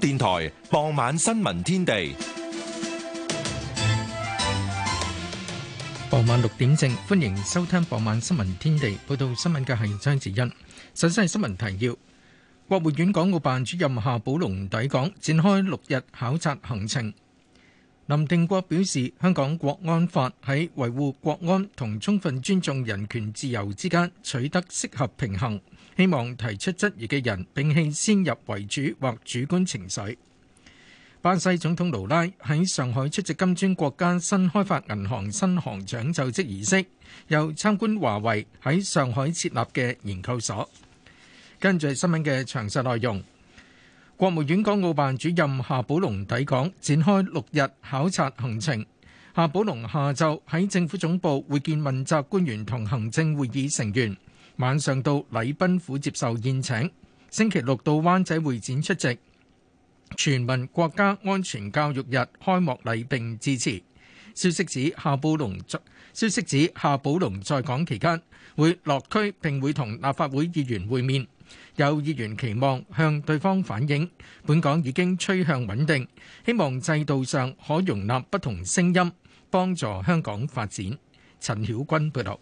電台傍晚新聞天地，傍晚六點正，歡迎收聽傍晚新聞天地。報道新聞嘅係張子欣。首先係新聞提要：國務院港澳辦主任夏寶龍抵港展開六日考察行程。林定國表示，香港國安法喺維護國安同充分尊重人權自由之間取得適合平衡。希望提出質疑嘅人摒棄先入為主或主觀情緒。巴西總統盧拉喺上海出席金磚國家新開發銀行新行長就職儀式，又參觀華為喺上海設立嘅研究所。跟住新聞嘅詳細內容，國務院港澳辦主任夏寶龍抵港，展開六日考察行程。夏寶龍下晝喺政府總部會見問責官員同行政會議成員。晚上到禮賓府接受宴請，星期六到灣仔會展出席全民國家安全教育日開幕禮並致辭。消息指夏寶龍在消息指夏寶龍在港期間會落區並會同立法會議員會面，有議員期望向對方反映，本港已經趨向穩定，希望制度上可容納不同聲音，幫助香港發展。陳曉君報導。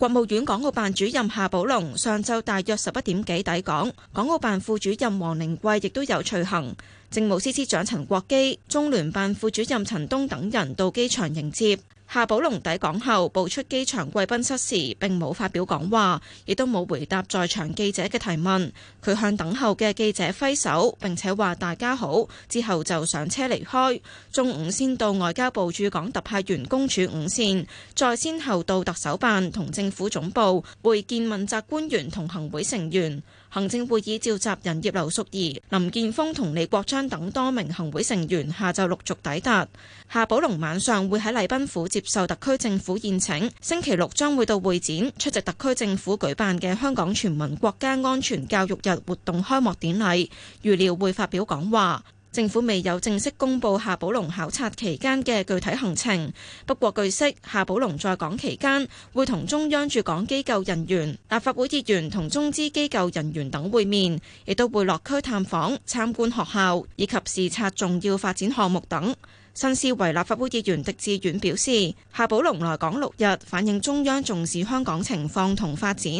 國務院港澳辦主任夏寶龍上晝大約十一點幾抵港，港澳辦副主任黃寧貴亦都有隨行，政務司司長陳國基、中聯辦副主任陳東等人到機場迎接。夏寶龍抵港後，步出機場貴賓室時並冇發表講話，亦都冇回答在場記者嘅提問。佢向等候嘅記者揮手，並且話大家好，之後就上車離開。中午先到外交部駐港特派員公署午膳，再先後到特首辦同政府總部會見問責官員同行會成員。行政會議召集人葉劉淑儀、林健鋒同李國章等多名行會成員下晝陸續抵達。夏寶龍晚上會喺禮賓府接受特區政府宴請，星期六將會到會展出席特區政府舉辦嘅香港全民國家安全教育日活動開幕典禮，預料會發表講話。政府未有正式公布夏寶龍考察期間嘅具體行程，不過據悉，夏寶龍在港期間會同中央駐港機構人員、立法會議員同中資機構人員等會面，亦都會落區探訪、參觀學校以及視察重要發展項目等。新思維立法會議員狄志遠表示，夏寶龍來港六日，反映中央重視香港情況同發展，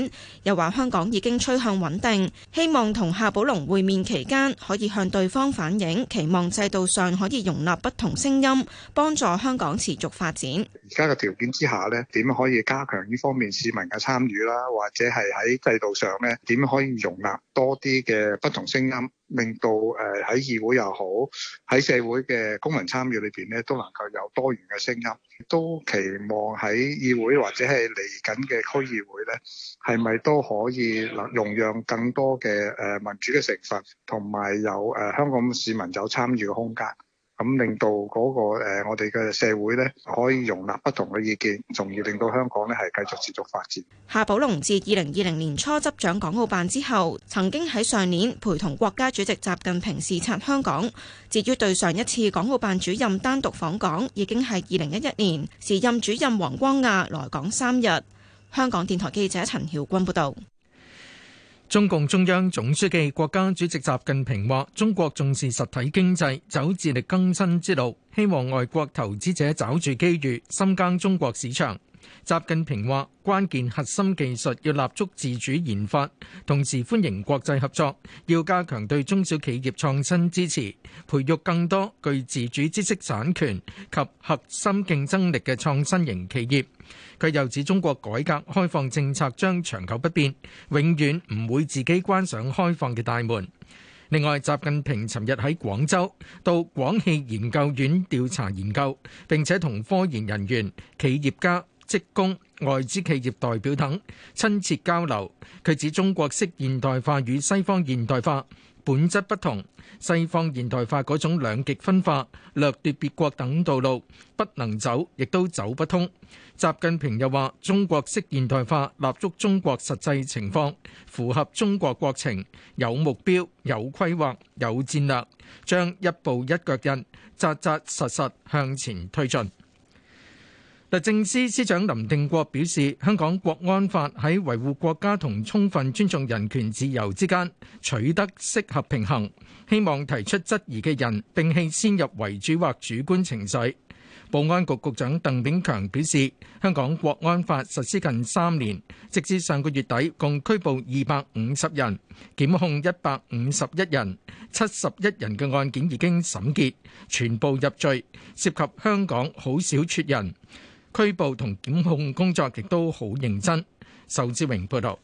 又話香港已經趨向穩定，希望同夏寶龍會面期間可以向對方反映，期望制度上可以容納不同聲音，幫助香港持續發展。而家嘅條件之下呢，點可以加強呢方面市民嘅參與啦，或者係喺制度上呢，點可以容納多啲嘅不同聲音？令到誒喺、呃、議會又好，喺社會嘅公民參與裏邊咧，都能夠有多元嘅聲音。都期望喺議會或者係嚟緊嘅區議會咧，係咪都可以能容讓更多嘅誒、呃、民主嘅成分，同埋有誒、呃、香港市民有參與嘅空間？咁令到嗰個誒，我哋嘅社會咧可以容納不同嘅意見，從而令到香港咧係繼續持續發展。夏寶龍自二零二零年初執掌港澳辦之後，曾經喺上年陪同國家主席習近平視察香港。至於對上一次港澳辦主任單獨訪港，已經係二零一一年，時任主任王光亞來港三日。香港電台記者陳曉君報道。中共中央總書記、國家主席習近平話：中國重視實體經濟，走自力更生之路，希望外國投資者抓住機遇，深耕中國市場。習近平話：關鍵核心技術要立足自主研發，同時歡迎國際合作，要加強對中小企業創新支持，培育更多具自主知識產權及核心競爭力嘅創新型企業。佢又指中國改革開放政策將長久不變，永遠唔會自己關上開放嘅大門。另外，習近平尋日喺廣州到廣汽研究院調查研究，並且同科研人員、企業家、職工、外資企業代表等親切交流。佢指中國式現代化與西方現代化本質不同，西方現代化嗰種兩極分化、掠奪別國等道路不能走，亦都走不通。習近平又話：中國式現代化立足中國實際情況，符合中國國情，有目標、有規劃、有戰略，將一步一腳印，扎扎實實向前推進。律政司司長林定國表示，香港國安法喺維護國家同充分尊重人權自由之間取得適合平衡，希望提出質疑嘅人摒棄先入為主或主觀情緒。保安局局長鄧炳強表示，香港國安法實施近三年，直至上個月底，共拘捕二百五十人，檢控一百五十一人，七十一人嘅案件已經審結，全部入罪，涉及香港好少撮人，拘捕同檢控工作亦都好認真。仇志榮報道。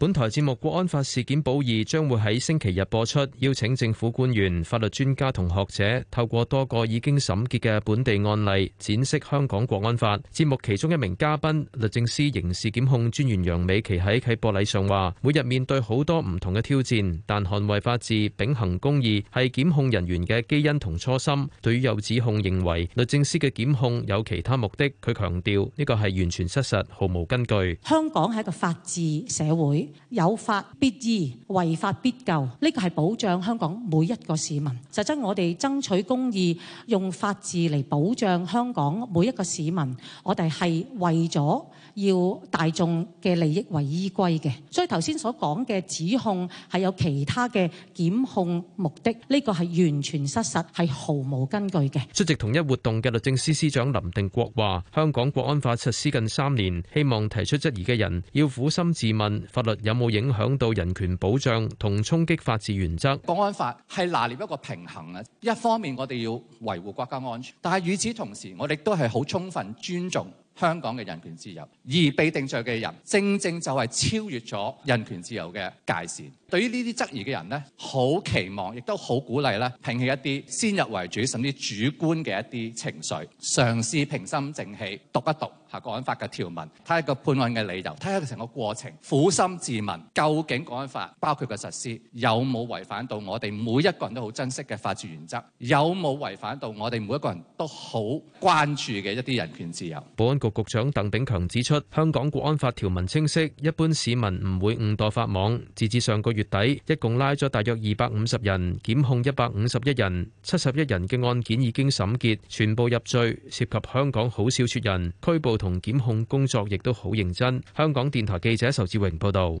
本台節目《國安法事件簿二》將會喺星期日播出，邀請政府官員、法律專家同學者透過多個已經審結嘅本地案例，展示香港國安法。節目其中一名嘉賓律政司刑事檢控專員楊美琪喺啟播禮上話：每日面對好多唔同嘅挑戰，但捍衛法治、秉行公義係檢控人員嘅基因同初心。對於有指控認為律政司嘅檢控有其他目的，佢強調呢個係完全失實，實，毫無根據。香港係一個法治社會。有法必依，違法必究，呢個係保障香港每一個市民。實際我哋爭取公義，用法治嚟保障香港每一個市民。我哋係為咗要大眾嘅利益為依歸嘅。所以頭先所講嘅指控係有其他嘅檢控目的，呢個係完全失實，係毫無根據嘅。出席同一活動嘅律政司司長林定國話，香港國安法實施近三年，希望提出質疑嘅人要苦心自問法律。有冇影響到人權保障同衝擊法治原則？國安法係拿捏一個平衡啊，一方面我哋要維護國家安全，但係與此同時，我哋都係好充分尊重香港嘅人權自由。而被定罪嘅人，正正就係超越咗人權自由嘅界線。對於呢啲質疑嘅人呢，好期望，亦都好鼓勵咧，摒棄一啲先入為主甚至主觀嘅一啲情緒，嘗試平心靜氣，讀一讀《國安法》嘅條文，睇下個判案嘅理由，睇下成個過程，苦心自問，究竟《國安法》包括嘅實施有冇違反到我哋每一個人都好珍惜嘅法治原則，有冇違反到我哋每一個人都好關注嘅一啲人權自由？保安局局長鄧炳強指出，香港《國安法》條文清晰，一般市民唔會誤墮法網。截至上個月。月底一共拉咗大約二百五十人，檢控一百五十一人，七十一人嘅案件已經審結，全部入罪，涉及香港好少說人。拘捕同檢控工作亦都好認真。香港電台記者仇志榮報道。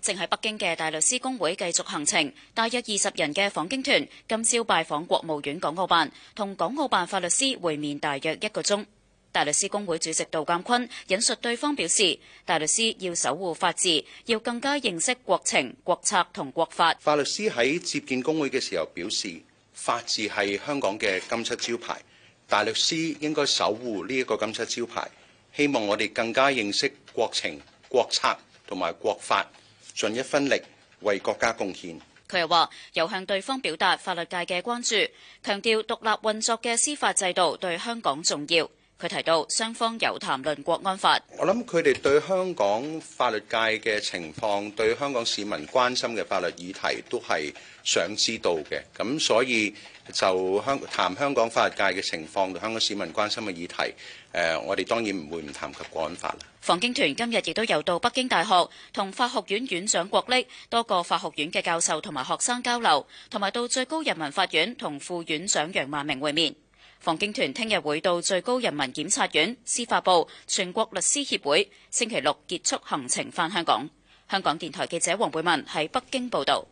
正係北京嘅大律師公會繼續行程，大約二十人嘅訪京團今朝拜訪國務院港澳辦，同港澳辦法律師會面大約一個鐘。大律師公會主席杜鑑坤引述對方表示，大律師要守護法治，要更加認識國情、國策同國法。法律師喺接見公會嘅時候表示，法治係香港嘅金漆招牌，大律師應該守護呢一個金漆招牌，希望我哋更加認識國情、國策同埋國法。盡一分力為國家貢獻。佢又話，有向對方表達法律界嘅關注，強調獨立運作嘅司法制度對香港重要。佢提到雙方有談論國安法。我諗，佢哋對香港法律界嘅情況，對香港市民關心嘅法律議題都係想知道嘅。咁所以就香談香港法律界嘅情況，同香港市民關心嘅議題，誒、呃，我哋當然唔會唔談及國安法啦。訪京團今日亦都有到北京大學同法學院院長郭力多個法學院嘅教授同埋學生交流，同埋到最高人民法院同副院長楊萬明會面。訪京團聽日會到最高人民檢察院、司法部、全國律師協會，星期六結束行程返香港。香港電台記者黃貝文喺北京報道。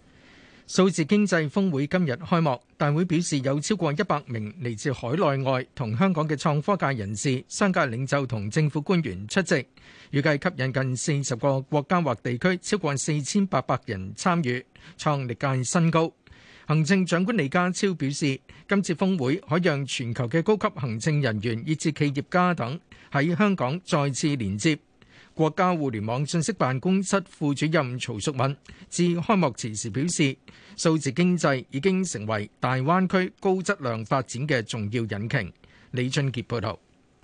數字經濟峰會今日開幕，大會表示有超過一百名嚟自海內外同香港嘅創科界人士、商界領袖同政府官員出席，預計吸引近四十個國家或地區超過四千八百人參與，創歷屆新高。行政長官李家超表示，今次峯會可讓全球嘅高級行政人員以至企業家等喺香港再次連接。國家互聯網信息辦公室副主任曹淑敏致開幕辭時表示，數字經濟已經成為大灣區高質量發展嘅重要引擎。李俊傑報導，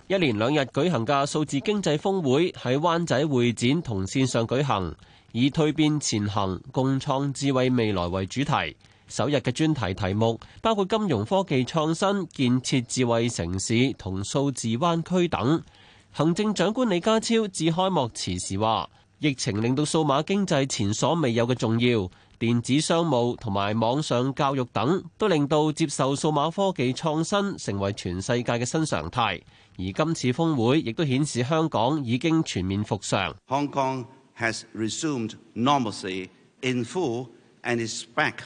一連兩日舉行嘅數字經濟峯會喺灣仔會展同線上舉行，以蛻變前行，共創智慧未來為主題。首日嘅專題題目包括金融科技創新、建設智慧城市同數字灣區等。行政長官李家超致開幕辭時話，疫情令到數碼經濟前所未有嘅重要，電子商務同埋網上教育等都令到接受數碼科技創新成為全世界嘅新常態。而今次峰會亦都顯示香港已經全面復常。Hong Kong has resumed normalcy in full and is back.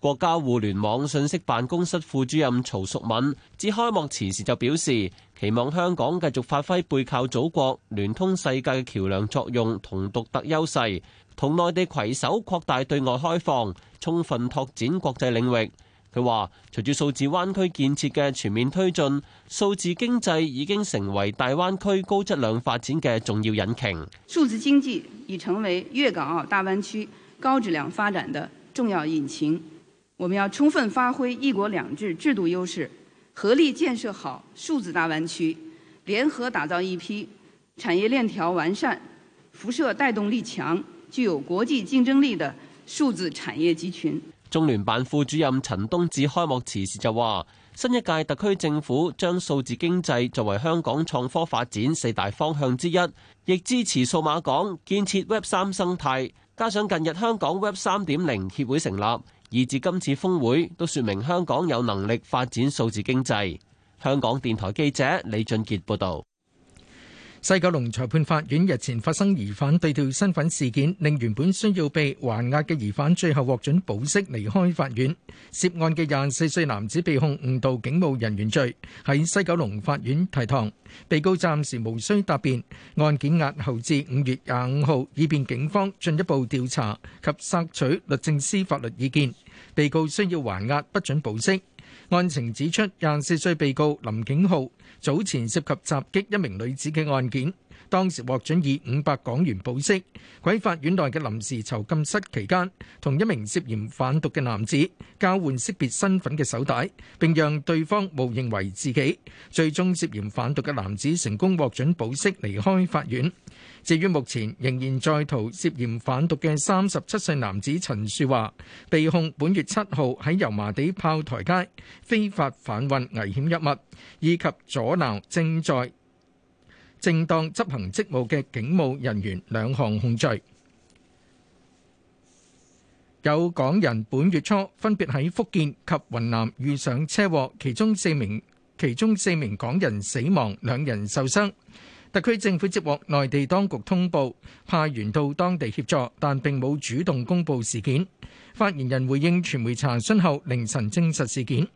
國家互聯網信息辦公室副主任曹淑敏致開幕辭時就表示，期望香港繼續發揮背靠祖國、聯通世界嘅橋樑作用同獨特優勢，同內地携手擴大對外開放，充分拓展國際領域。佢話，隨住數字灣區建設嘅全面推進，數字經濟已經成為大灣區高質量發展嘅重要引擎。數字經濟已成為粵港澳大灣區高質量發展的重要引擎。我們要充分發揮一國兩制制度優勢，合力建設好數字大灣區，聯合打造一批產業鏈條完善、輻射帶動力強、具有國際競爭力的數字產業集群。中聯辦副主任陳冬致開幕辭時就話，新一屆特區政府將數字經濟作為香港創科發展四大方向之一，亦支持數碼港建設 Web 三生態。加上近日香港 Web 三點零協會成立。以至今次峰會都說明香港有能力發展數字經濟，香港電台記者李俊杰報道。西九龍裁判法院日前發生疑犯對調身份事件，令原本需要被還押嘅疑犯最後獲准保釋離開法院。涉案嘅廿四歲男子被控誤導警務人員罪，喺西九龍法院提堂。被告暫時無需答辯，案件押後至五月廿五號，以便警方進一步調查及索取律政司法律意見。被告需要還押，不准保釋。案情指出，廿四歲被告林景浩早前涉及襲擊一名女子嘅案件，當時獲准以五百港元保釋。喺法院內嘅臨時囚禁室期間，同一名涉嫌販毒嘅男子交換識別身份嘅手帶，並讓對方誤認為自己。最終涉嫌販毒嘅男子成功獲准保釋離開法院。至於目前仍然在逃，涉嫌販毒嘅三十七歲男子陳樹華，被控本月七號喺油麻地炮台街非法販運危險藥物，以及阻撓正在正當執行職務嘅警務人員兩項控罪。有港人本月初分別喺福建及雲南遇上車禍，其中四名其中四名港人死亡，兩人受傷。特區政府接獲內地當局通報，派員到當地協助，但並冇主動公佈事件。發言人回應傳媒查詢後，凌晨證實事件。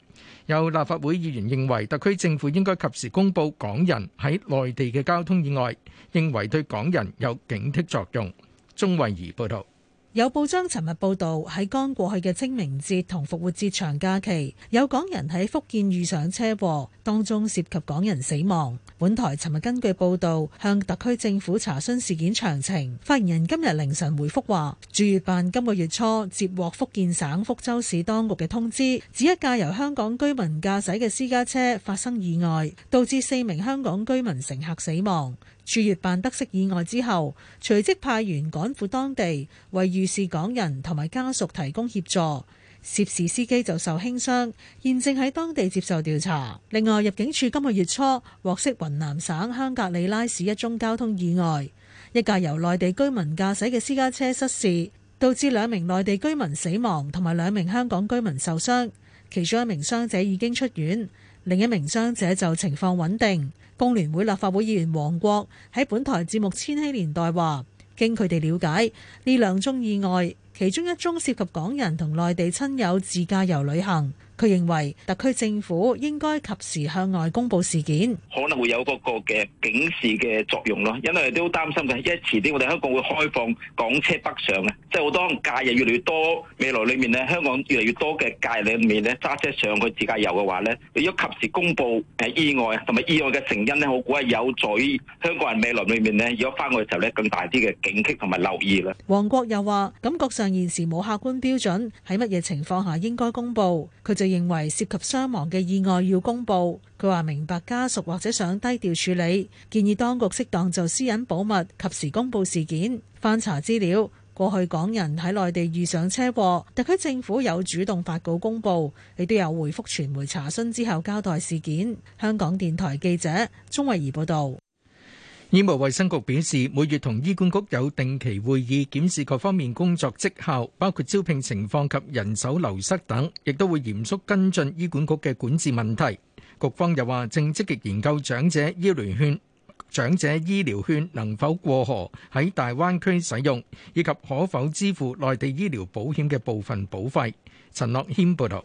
有立法會議員認為，特區政府應該及時公佈港人喺內地嘅交通意外，認為對港人有警惕作用。鐘慧儀報道。有報章尋日報導，喺剛過去嘅清明節同復活節長假期，有港人喺福建遇上車禍，當中涉及港人死亡。本台尋日根據報導，向特區政府查詢事件詳情，發言人今日凌晨回覆話，駐粵辦今個月初接獲福建省福州市當局嘅通知，指一架由香港居民駕駛嘅私家車發生意外，導致四名香港居民乘客死亡。駐越辦得悉意外之後，隨即派員趕赴當地，為遇事港人同埋家屬提供協助。涉事司機就受輕傷，現正喺當地接受調查。另外，入境處今個月初獲悉雲南省香格里拉市一宗交通意外，一架由內地居民駕駛嘅私家車失事，導致兩名內地居民死亡同埋兩名香港居民受傷，其中一名傷者已經出院，另一名傷者就情況穩定。工聯會立法會議員黃國喺本台節目《千禧年代》話：經佢哋了解，呢兩宗意外，其中一宗涉及港人同內地親友自駕遊旅行。佢認為特區政府應該及時向外公布事件，可能會有嗰個嘅警示嘅作用咯，因為都擔心嘅，因為遲啲我哋香港會開放港車北上嘅，即係好多假日越嚟越多，未來裏面呢，香港越嚟越多嘅假日裏面呢，揸車上去自駕遊嘅話呢，如果及時公布誒意外同埋意外嘅成因呢，我估係有助於香港人未來裏面呢，如果翻去嘅時候呢，更大啲嘅警惕同埋留意啦。王國又話：感覺上現時冇客觀標準喺乜嘢情況下應該公布，佢就。認為涉及傷亡嘅意外要公布。佢話明白家屬或者想低調處理，建議當局適當就私隱保密，及時公布事件。翻查資料，過去港人喺內地遇上車禍，特區政府有主動發稿公布，亦都有回覆傳媒查詢之後交代事件。香港電台記者鍾慧儀報道。醫務衛生局表示，每月同醫管局有定期會議，檢視各方面工作績效，包括招聘情況及人手流失等，亦都會嚴肅跟進醫管局嘅管治問題。局方又話，正積極研究長者醫療券能否過河喺大灣區使用，以及可否支付內地醫療保險嘅部分保費。陳樂謙報道。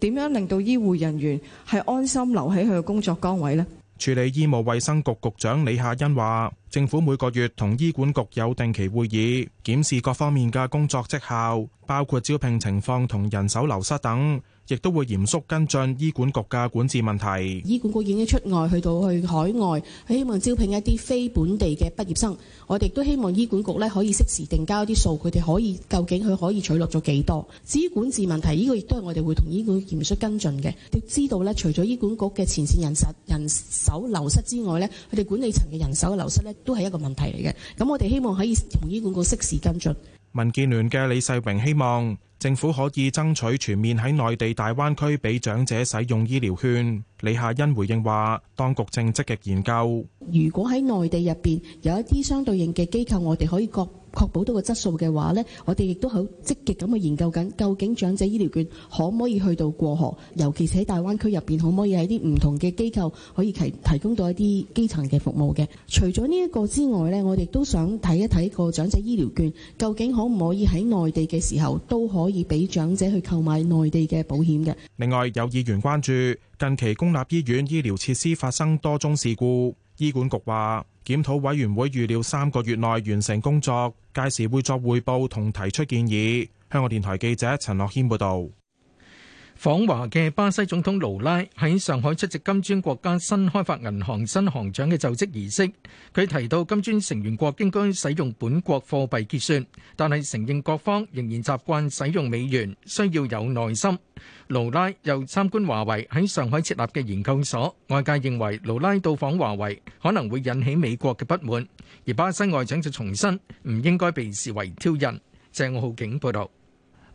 點樣令到醫護人員係安心留喺佢嘅工作崗位呢？署理醫務衛生局局長李夏茵話：政府每個月同醫管局有定期會議，檢視各方面嘅工作績效，包括招聘情況同人手流失等。亦都會嚴肅跟進醫管局嘅管治問題。醫管局已經出外去到去海外，希望招聘一啲非本地嘅畢業生。我哋都希望醫管局呢可以適時定交一啲數，佢哋可以究竟佢可以取錄咗幾多？至於管治問題，呢個亦都係我哋會同醫管局嚴肅跟進嘅。要知道呢，除咗醫管局嘅前線人實人手流失之外呢，佢哋管理層嘅人手嘅流失呢都係一個問題嚟嘅。咁我哋希望可以同醫管局適時跟進。民建聯嘅李世榮希望政府可以爭取全面喺內地大灣區俾長者使用醫療券。李夏欣回應話：當局正積極研究，如果喺內地入邊有一啲相對應嘅機構，我哋可以覺確保到個質素嘅話呢，我哋亦都好積極咁去研究緊，究竟長者醫療券可唔可以去到過河？尤其喺大灣區入邊，可唔可以喺啲唔同嘅機構可以提提供到一啲基層嘅服務嘅？除咗呢一個之外呢，我哋都想睇一睇個長者醫療券究竟可唔可以喺內地嘅時候都可以俾長者去購買內地嘅保險嘅？另外，有議員關注近期公立醫院醫療設施發生多宗事故。醫管局話，檢討委員會預料三個月內完成工作，屆時會作彙報同提出建議。香港電台記者陳樂軒報道。訪華嘅巴西總統盧拉喺上海出席金磚國家新開發銀行新行長嘅就職儀式。佢提到金磚成員國應該使用本國貨幣結算，但係承認各方仍然習慣使用美元，需要有耐心。盧拉又參觀華為喺上海設立嘅研究所。外界認為盧拉到訪華為可能會引起美國嘅不滿，而巴西外長就重申唔應該被視為挑釁。鄭浩景報道。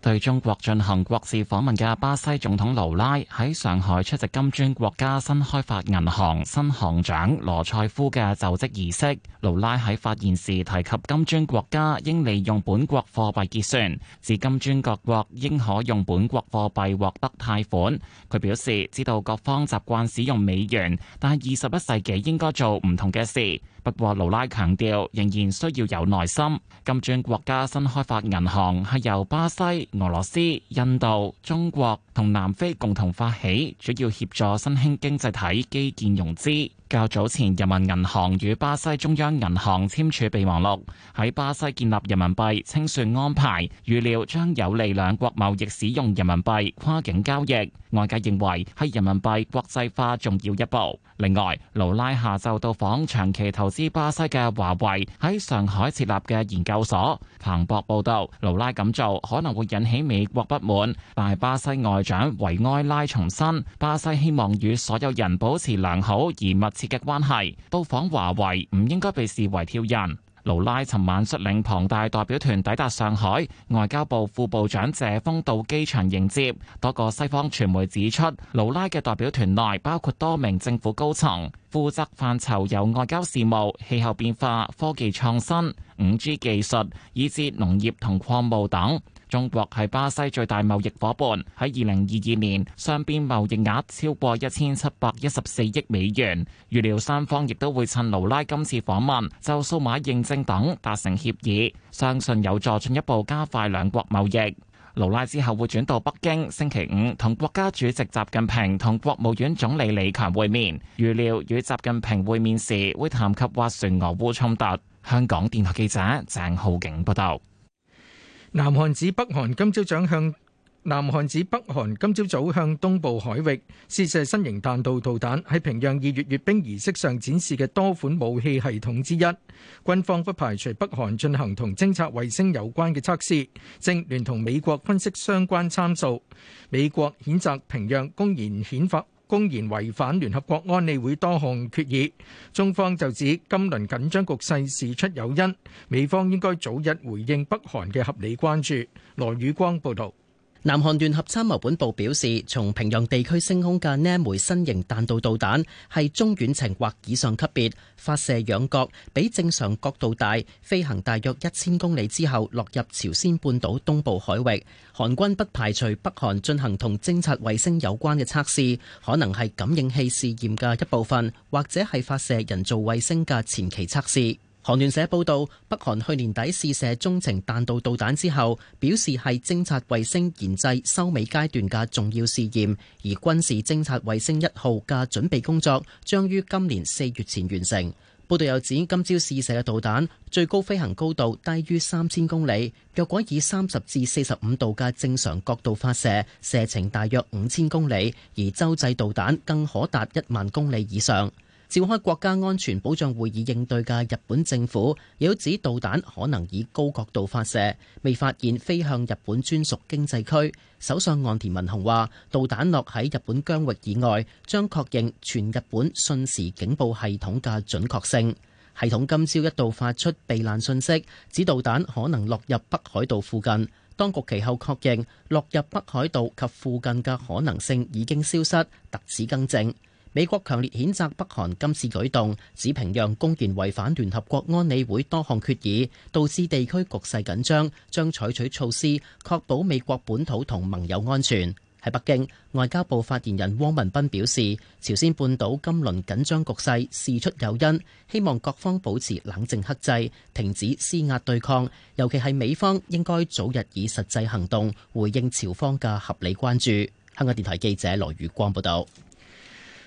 對中國進行國事訪問嘅巴西總統盧拉喺上海出席金磚國家新開發銀行新行長羅塞夫嘅就職儀式。盧拉喺發言時提及，金磚國家應利用本國貨幣結算，指金磚各國應可用本國貨幣獲得貸款。佢表示，知道各方習慣使用美元，但係二十一世紀應該做唔同嘅事。不過，盧拉強調仍然需要有耐心。金磚國家新開發銀行係由巴西、俄羅斯、印度、中國同南非共同發起，主要協助新興經濟體基建融資。較早前，人民銀行與巴西中央銀行簽署備忘錄，喺巴西建立人民幣清算安排，預料將有利兩國貿易使用人民幣跨境交易。外界認為係人民幣國際化重要一步。另外，盧拉下晝到訪長期投資巴西嘅華為喺上海設立嘅研究所。彭博報道，盧拉咁做可能會引起美國不滿，但係巴西外長維埃拉重申，巴西希望與所有人保持良好而密。刺激關係到訪華為唔應該被視為挑釁。盧拉尋晚率領龐大代表團抵達上海，外交部副部長謝鋒到機場迎接。多個西方傳媒指出，盧拉嘅代表團內包括多名政府高層，負責範疇有外交事務、氣候變化、科技創新、五 G 技術以至農業同礦務等。中國係巴西最大貿易伙伴，喺二零二二年雙邊貿易額超過一千七百一十四億美元。預料三方亦都會趁盧拉今次訪問就數碼認證等達成協議，相信有助進一步加快兩國貿易。盧拉之後會轉到北京，星期五同國家主席習近平同國務院總理李強會面。預料與習近平會面時會談及斡旋俄烏衝突。香港電台記者鄭浩景報道。南韓指北韓今朝早向南韓指北韓今朝早向東部海域試射新型彈道導彈，係平壤二月閱兵儀式上展示嘅多款武器系統之一。軍方不排除北韓進行同偵察衛星有關嘅測試，正聯同美國分析相關參數。美國譴責平壤公然憲法，公然違反聯合國安理會多項決議，中方就指今輪緊張局勢事出有因，美方應該早日回應北韓嘅合理關注。羅宇光報道。南韓聯合參謀本部表示，從平壤地區升空嘅呢枚新型彈道導彈係中遠程或以上級別，發射仰角比正常角度大，飛行大約一千公里之後落入朝鮮半島東部海域。韓軍不排除北韓進行同偵察衛星有關嘅測試，可能係感應器試驗嘅一部分，或者係發射人造衛星嘅前期測試。韓聯社報道，北韓去年底試射中程彈道導彈之後，表示係偵察衛星研製收尾階段嘅重要試驗，而軍事偵察衛星一號嘅準備工作將於今年四月前完成。報道又指，今朝試射嘅導彈最高飛行高度低於三千公里，若果以三十至四十五度嘅正常角度發射，射程大約五千公里，而洲際導彈更可達一萬公里以上。召開國家安全保障會議應對嘅日本政府，亦都指導彈可能以高角度發射，未發現飛向日本專屬經濟區。首相岸田文雄話，導彈落喺日本疆域以外，將確認全日本瞬時警報系統嘅準確性。系統今朝一度發出避難信息，指導彈可能落入北海道附近。當局其後確認，落入北海道及附近嘅可能性已經消失，特此更正。美國強烈譴責北韓今次舉動，指平壤公然違反聯合國安理會多項決議，導致地區局勢緊張，將採取措施確保美國本土同盟友安全。喺北京，外交部發言人汪文斌表示，朝鮮半島今輪緊張局勢事出有因，希望各方保持冷靜克制，停止施壓對抗，尤其係美方應該早日以實際行動回應朝方嘅合理關注。香港電台記者羅宇光報道。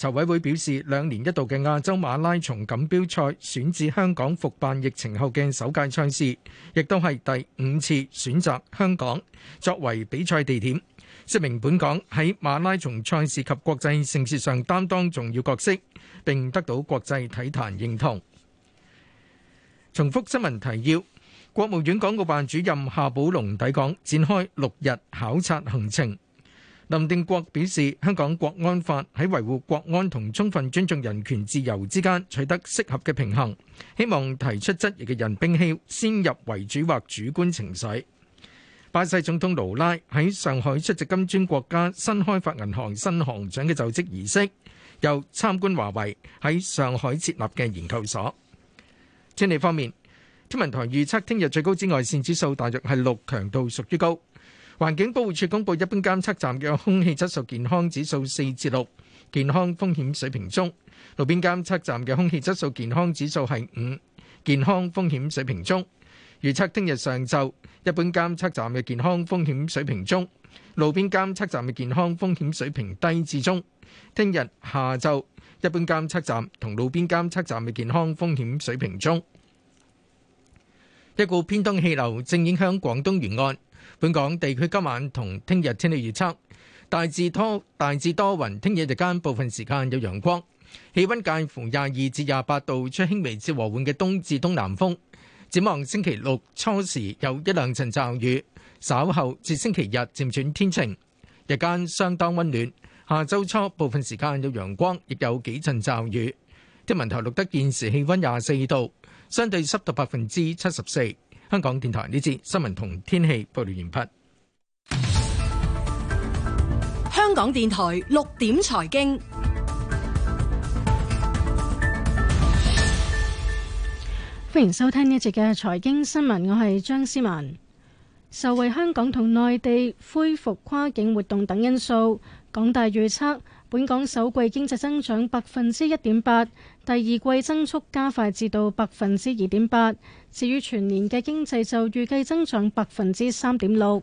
籌委會表示，兩年一度嘅亞洲馬拉松錦標賽選至香港復辦疫情後嘅首屆賽事，亦都係第五次選擇香港作為比賽地點，說明本港喺馬拉松賽事及國際盛事上擔當重要角色，並得到國際體壇認同。重複新聞提要：國務院港澳辦主任夏寶龍抵港，展開六日考察行程。林定國表示，香港國安法喺維護國安同充分尊重人權自由之間取得適合嘅平衡。希望提出質疑嘅人摒棄先入為主或主觀情緒。巴西總統盧拉喺上海出席金磚國家新開發銀行新行長嘅就職儀式，又參觀華為喺上海設立嘅研究所。天氣方面，天文台預測聽日最高紫外線指數大約係六，強度屬於高。環境保護署公布一般監測站嘅空氣質素健康指數四至六，健康風險水平中；路邊監測站嘅空氣質素健康指數係五，健康風險水平中。預測聽日上晝，一般監測站嘅健康風險水平中，路邊監測站嘅健康風險水平低至中。聽日下晝，一般監測站同路邊監測站嘅健康風險水平中。一股偏東氣流正影響廣東沿岸。本港地區今晚同聽日天氣預測，大致多大致多雲，聽日日間部分時間有陽光，氣温介乎廿二至廿八度，吹輕微至和緩嘅東至東南風。展望星期六初時有一兩陣驟雨，稍後至星期日漸轉天晴，日間相當温暖。下周初部分時間有陽光，亦有幾陣驟雨。天文台錄得現時氣温廿四度，相對濕度百分之七十四。香港電台呢節新聞同天氣報料完畢。香港電台六點財經，歡迎收聽呢節嘅財經新聞，我係張思文。受惠香港同內地恢復跨境活動等因素，港大預測。本港首季經濟增長百分之一點八，第二季增速加快至到百分之二點八。至於全年嘅經濟就預計增長百分之三點六。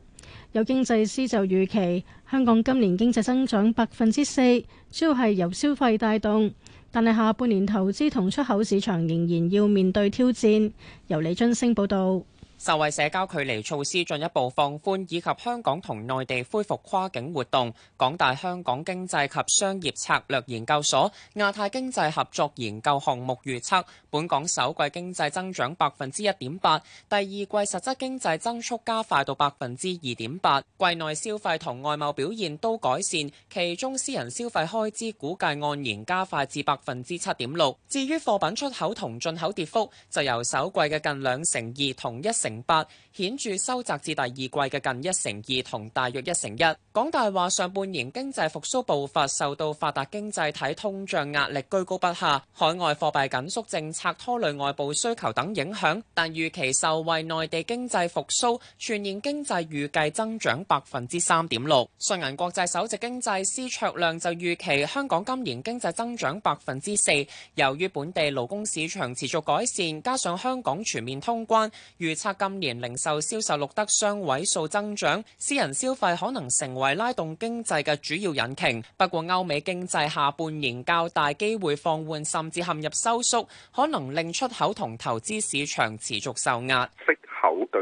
有經濟師就預期香港今年經濟增長百分之四，主要係由消費帶動，但係下半年投資同出口市場仍然要面對挑戰。由李津升報導。受惠社交距離措施進一步放寬，以及香港同內地恢復跨境活動，港大香港經濟及商業策略研究所亞太經濟合作研究項目預測，本港首季經濟增長百分之一點八，第二季實質經濟增速加快到百分之二點八，季內消費同外貿表現都改善，其中私人消費開支估計按年加快至百分之七點六。至於貨品出口同進口跌幅，就由首季嘅近兩成二同一成八顯著收窄至第二季嘅近一成二同大約一成一。港大話上半年經濟復甦步伐受到發達經濟體通脹壓力居高不下、海外貨幣緊縮政策拖累外部需求等影響，但預期受惠內地經濟復甦，全年經濟預計增長百分之三點六。信銀國際首席經濟師卓亮就預期香港今年經濟增長百分之四，由於本地勞工市場持續改善，加上香港全面通關，預測，今年零售銷售錄得雙位數增長，私人消費可能成為拉動經濟嘅主要引擎。不過，歐美經濟下半年較大機會放緩，甚至陷入收縮，可能令出口同投資市場持續受壓。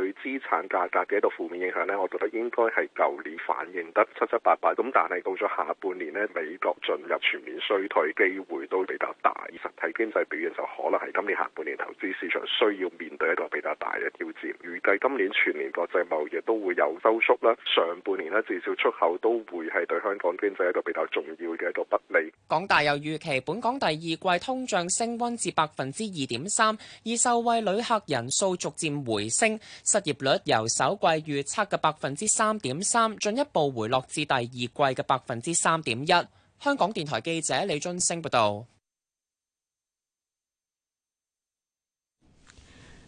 對資產價格嘅一個負面影響呢，我覺得應該係舊年反映得七七八八。咁但係到咗下半年呢，美國進入全面衰退機會都比較大，而實體經濟表現就可能係今年下半年投資市場需要面對一個比較大嘅挑戰。預計今年全年國際貿易都會有收縮啦，上半年呢，至少出口都會係對香港經濟一個比較重要嘅一個不利。港大又預期本港第二季通脹升溫至百分之二點三，而受惠旅客人數逐漸回升。失業率由首季預測嘅百分之三點三，進一步回落至第二季嘅百分之三點一。香港電台記者李俊升報道。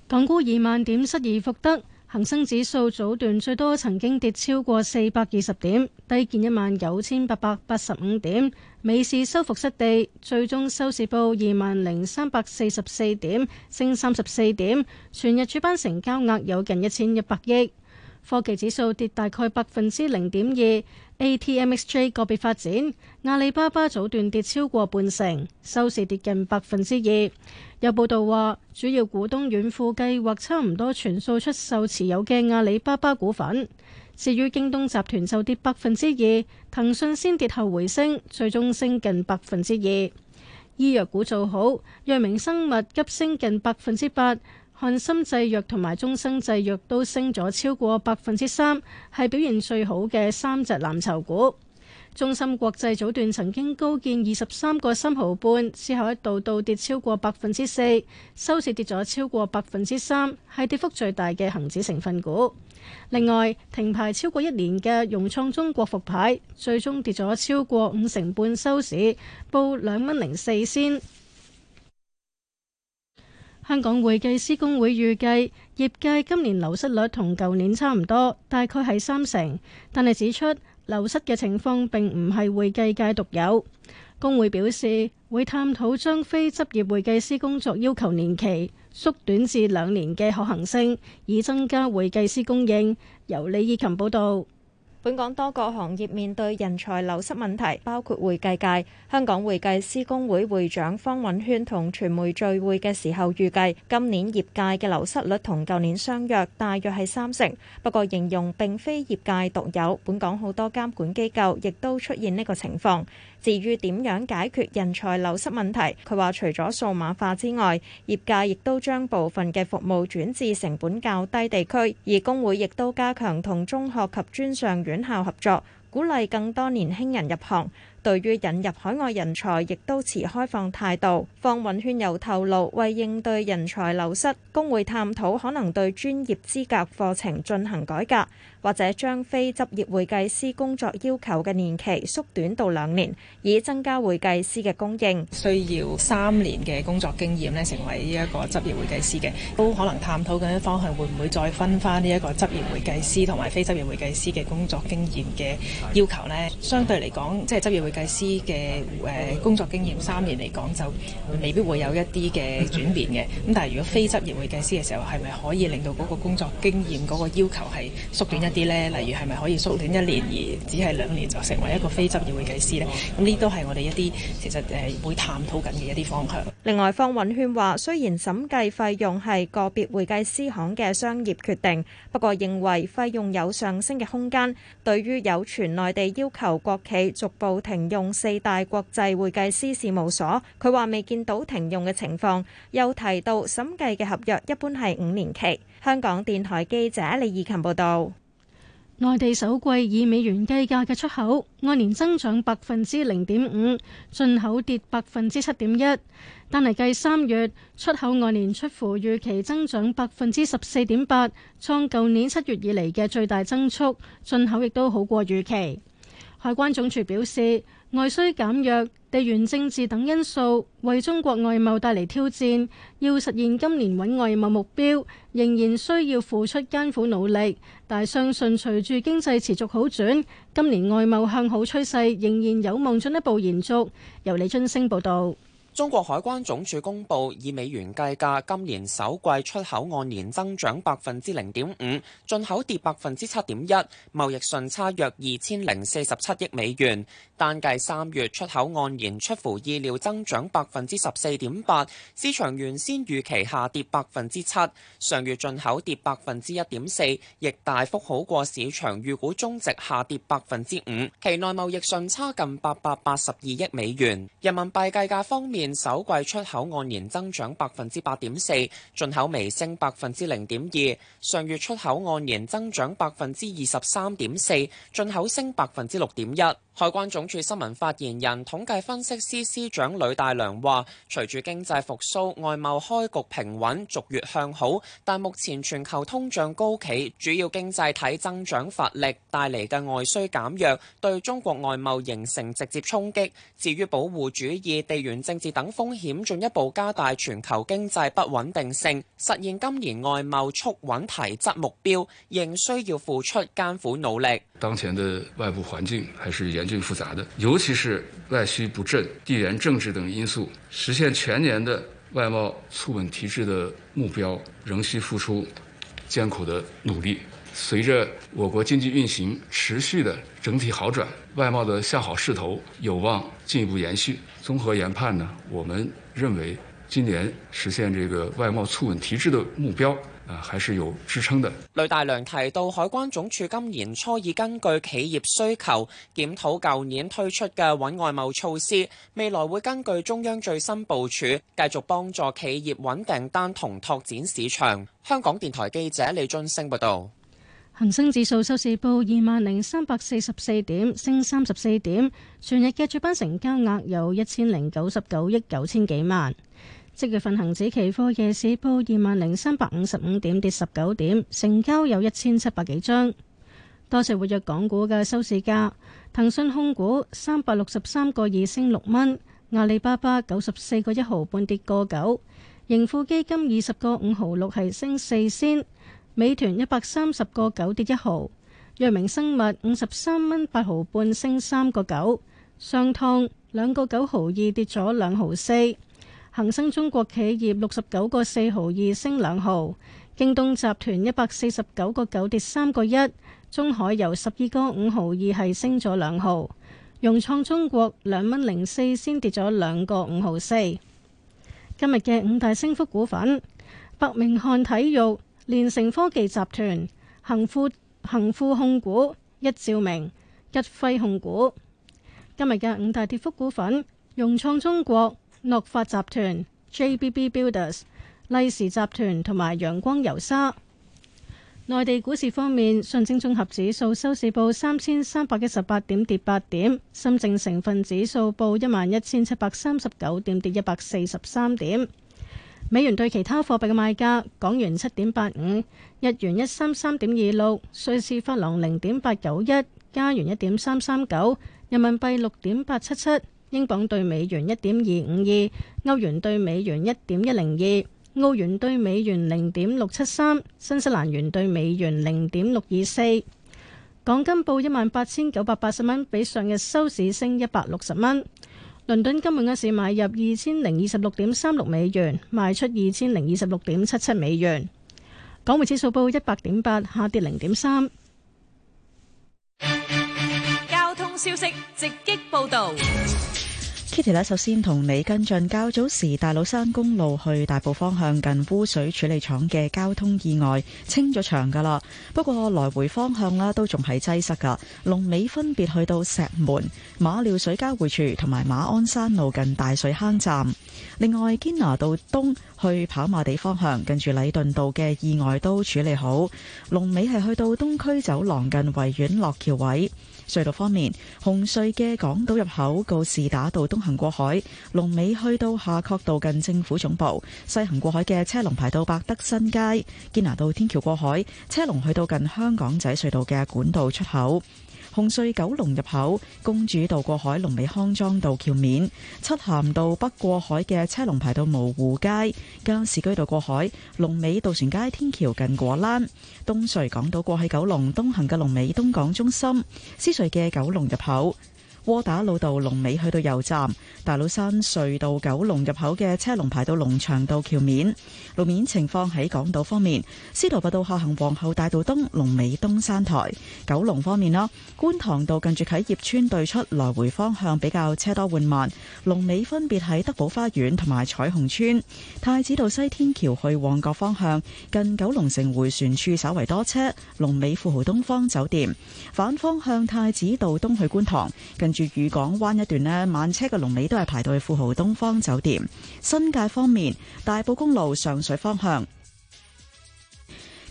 港股二萬點失而復得。恒生指數早段最多曾經跌超過四百二十點，低見一萬九千八百八十五點，尾市收復失地，最終收市報二萬零三百四十四點，升三十四點。全日主板成交額有近一千一百億。科技指數跌大概百分之零點二。ATMXJ 個別發展，阿里巴巴早段跌超過半成，收市跌近百分之二。有報道話，主要股東軟銀計劃差唔多全數出售持有嘅阿里巴巴股份，至於京東集團就跌百分之二，騰訊先跌後回升，最終升近百分之二。醫藥股做好，藥明生物急升近百分之八，翰森製藥同埋中生製藥都升咗超過百分之三，係表現最好嘅三隻藍籌股。中芯國際早段曾經高見二十三個三毫半，之後一度倒跌超過百分之四，收市跌咗超過百分之三，係跌幅最大嘅恒指成分股。另外，停牌超過一年嘅融創中國復牌，最終跌咗超過五成半，收市報兩蚊零四仙。香港會計師公會預計業界今年流失率同舊年差唔多，大概係三成，但係指出，流失嘅情況並唔係會計界獨有，工會表示會探討將非執業會計師工作要求年期縮短至兩年嘅可行性，以增加會計師供應，由李以琴報道。本港多個行業面對人才流失問題，包括會計界。香港會計師公會會長方允軒同傳媒聚會嘅時候預計，今年業界嘅流失率同舊年相若，大約係三成。不過，形容並非業界獨有，本港好多監管機構亦都出現呢個情況。至於點樣解決人才流失問題，佢話除咗數碼化之外，業界亦都將部分嘅服務轉至成本較低地區，而工會亦都加強同中學及專上院校合作，鼓勵更多年輕人入行。對於引入海外人才，亦都持開放態度。方雲勸又透露，為應對人才流失，工會探討可能對專業資格課程進行改革。或者將非執業會計師工作要求嘅年期縮短到兩年，以增加會計師嘅供應，需要三年嘅工作經驗咧，成為呢一個執業會計師嘅，都可能探討緊啲方向，會唔會再分翻呢一個執業會計師同埋非執業會計師嘅工作經驗嘅要求咧？相對嚟講，即係執業會計師嘅誒工作經驗三年嚟講就未必會有一啲嘅轉變嘅。咁但係如果非執業會計師嘅時候，係咪可以令到嗰個工作經驗嗰個要求係縮短一？例如係咪可以縮短一年而只係兩年就成為一個非執業會計師呢？咁呢都係我哋一啲其實誒會探討緊嘅一啲方向。另外，方允勸話，雖然審計費用係個別會計師行嘅商業決定，不過認為費用有上升嘅空間。對於有傳內地要求國企逐步停用四大國際會計師事務所，佢話未見到停用嘅情況。又提到審計嘅合約一般係五年期。香港電台記者李怡琴報道。內地首季以美元計價嘅出口按年增長百分之零點五，進口跌百分之七點一。單嚟計，三月出口按年出乎預期增長百分之十四點八，創舊年七月以嚟嘅最大增速。進口亦都好過預期。海關總署表示，外需減弱、地緣政治等因素為中國外貿帶嚟挑戰，要實現今年穩外貿目標，仍然需要付出艱苦努力。但相信，隨住經濟持續好轉，今年外貿向好趨勢仍然有望進一步延續。由李津升報道。中國海關總署公布，以美元計價，今年首季出口按年增長百分之零點五，進口跌百分之七點一，貿易順差約二千零四十七億美元。單計三月出口按年出乎意料增長百分之十四點八，市場原先預期下跌百分之七。上月進口跌百分之一點四，亦大幅好過市場預估中值下跌百分之五。期內貿易順差近八百八十二億美元。人民幣計價方面，首季出口按年增長百分之八點四，進口微升百分之零點二。上月出口按年增長百分之二十三點四，進口升百分之六點一。海關總署新聞發言人、統計分析司司長呂大良話，隨住經濟復甦，外貿開局平穩，逐月向好。但目前全球通脹高企，主要經濟體增長乏力，帶嚟嘅外需減弱，對中國外貿形成直接衝擊。至於保護主義、地緣政治，等風險進一步加大全球經濟不穩定性，實現今年外貿促穩提質目標，仍需要付出艱苦努力。當前的外部環境還是嚴峻複雜的，尤其是外需不振、地緣政治等因素，實現全年的外貿促穩提質的目標，仍需付出艱苦的努力。隨着我國經濟運行持續的整體好轉，外外貿貿的向好勢頭有有望進一步延續。綜合研判呢，我們認為今年實現這個外貿促穩提質嘅目標啊，還是有支撐嘅。呂大良提到，海關總署今年初已根據企業需求檢討舊年推出嘅穩外貿措施，未來會根據中央最新部署，繼續幫助企業穩訂單同拓展市場。香港電台記者李俊升報道。恒生指數收市報二萬零三百四十四點，升三十四點。全日嘅主板成交額有一千零九十九億九千幾萬。即月份恒指期貨夜市報二萬零三百五十五點，跌十九點，成交有一千七百幾張。多隻活躍港股嘅收市價：騰訊控股三百六十三個二升六蚊，阿里巴巴九十四個一毫半跌個九，盈富基金二十個五毫六係升四仙。美團一百三十個九跌一毫，藥明生物五十三蚊八毫半升三個九，商湯兩個九毫二跌咗兩毫四，恒生中國企業六十九個四毫二升兩毫，京東集團一百四十九個九跌三個一，中海油十二個五毫二係升咗兩毫，融創中國兩蚊零四先跌咗兩個五毫四。今日嘅五大升幅股份：伯明翰體育。聯成科技集團、恒富恒富控股、一照明、一輝控股。今日嘅五大跌幅股份：融創中國、諾發集團、JBB Builders、利時集團同埋陽光油砂。內地股市方面，上證綜合指數收市報三千三百一十八點，跌八點；深證成分指數報一萬一千七百三十九點，跌一百四十三點。美元兌其他貨幣嘅賣價：港元七點八五，日元一三三點二六，瑞士法郎零點八九一，加元一點三三九，人民幣六點八七七，英鎊對美元一點二五二，歐元對美元一點一零二，澳元對美元零點六七三，新西蘭元對美元零點六二四。港金報一萬八千九百八十蚊，比上日收市升一百六十蚊。倫敦金每盎司買入二千零二十六點三六美元，賣出二千零二十六點七七美元。港匯指數報一百點八，下跌零點三。交通消息，直擊報道。Kitty 首先同你跟進較早時大老山公路去大埔方向近污水處理廠嘅交通意外，清咗場噶啦。不過來回方向啦，都仲係擠塞噶。龍尾分別去到石門馬料水交匯處同埋馬鞍山路近大水坑站。另外堅拿道東去跑馬地方向，近住禮頓道嘅意外都處理好。龍尾係去到東區走廊近維園落橋位。隧道方面，紅隧嘅港島入口告士打道東行過海，龍尾去到夏慤道近政府總部；西行過海嘅車龍排到百德新街、堅拿道天橋過海，車龍去到近香港仔隧道嘅管道出口。紅隧九龍入口，公主道過海，龍尾康莊道橋面，漆咸道北過海嘅車龍排到蕪湖街，加士居道過海，龍尾渡船街天橋近果欄，東隧港島過去九龍東行嘅龍尾東港中心，獅隧嘅九龍入口。窩打老道龍尾去到油站，大老山隧道九龍入口嘅車龍排到龍翔道橋面。路面情況喺港島方面，司徒拔道下行皇后大道東龍尾東山台；九龍方面啦，觀塘道近住啟業邨對出來回方向比較車多緩慢。龍尾分別喺德寶花園同埋彩虹邨。太子道西天橋去旺角方向，近九龍城回旋處稍為多車。龍尾富豪東方酒店反方向太子道東去觀塘近住御港灣一段咧，慢車嘅龍尾都係排到去富豪東方酒店。新界方面，大埔公路上水方向。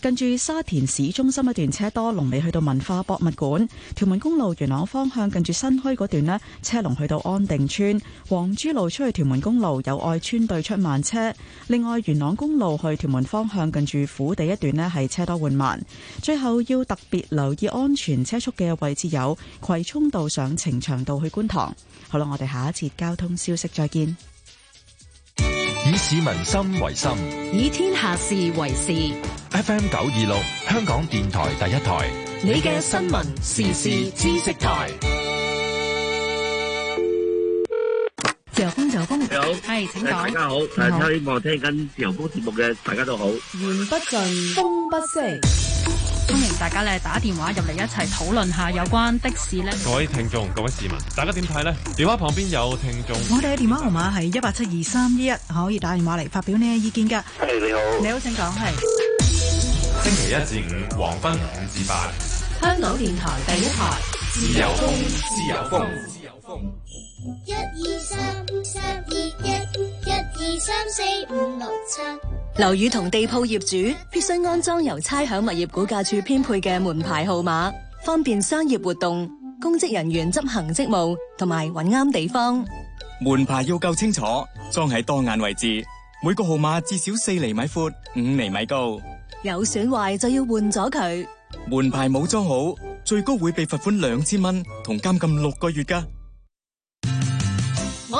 近住沙田市中心一段車多，龍尾去到文化博物館。屯門公路元朗方向近住新墟嗰段呢，車龍去到安定村。黃珠路出去屯門公路有愛村對出慢車。另外，元朗公路去屯門方向近住虎地一段呢係車多緩慢。最後要特別留意安全車速嘅位置有葵涌道上呈祥道去觀塘。好啦，我哋下一節交通消息再見。以市民心為心，以天下事為事。FM 九二六，香港電台第一台。你嘅新聞時事知識台。自由風，自由風。你好，係，請講。大家好，大家希望聽緊自由風節目嘅，大家都好。言不盡，風不息。歡迎大家咧打電話入嚟一齊討論下有關的士咧。各位聽眾、各位市民，大家點睇咧？電話旁邊有聽眾。我哋嘅電話號碼係一八七二三一一，可以打電話嚟發表你嘅意見噶。喂，你好。你好，請講。係。星期一至五，黃昏五至八。香港電台第一台，自由風，自由風。一二三，三二一，一二三四五六七。樓宇同地鋪業主必須安裝由差餉物業估價署編配嘅門牌號碼，方便商業活動、公職人員執行職務同埋揾啱地方。門牌要夠清楚，裝喺當眼位置，每個號碼至少四厘米闊、五厘米高。有損壞就要換咗佢。門牌冇裝好，最高會被罰款兩千蚊同監禁六個月噶。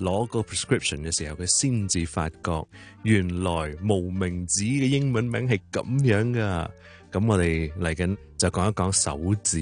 攞個 prescription 嘅時候，佢先至發覺原來無名指嘅英文名係咁樣噶。咁我哋嚟緊就講一講手指。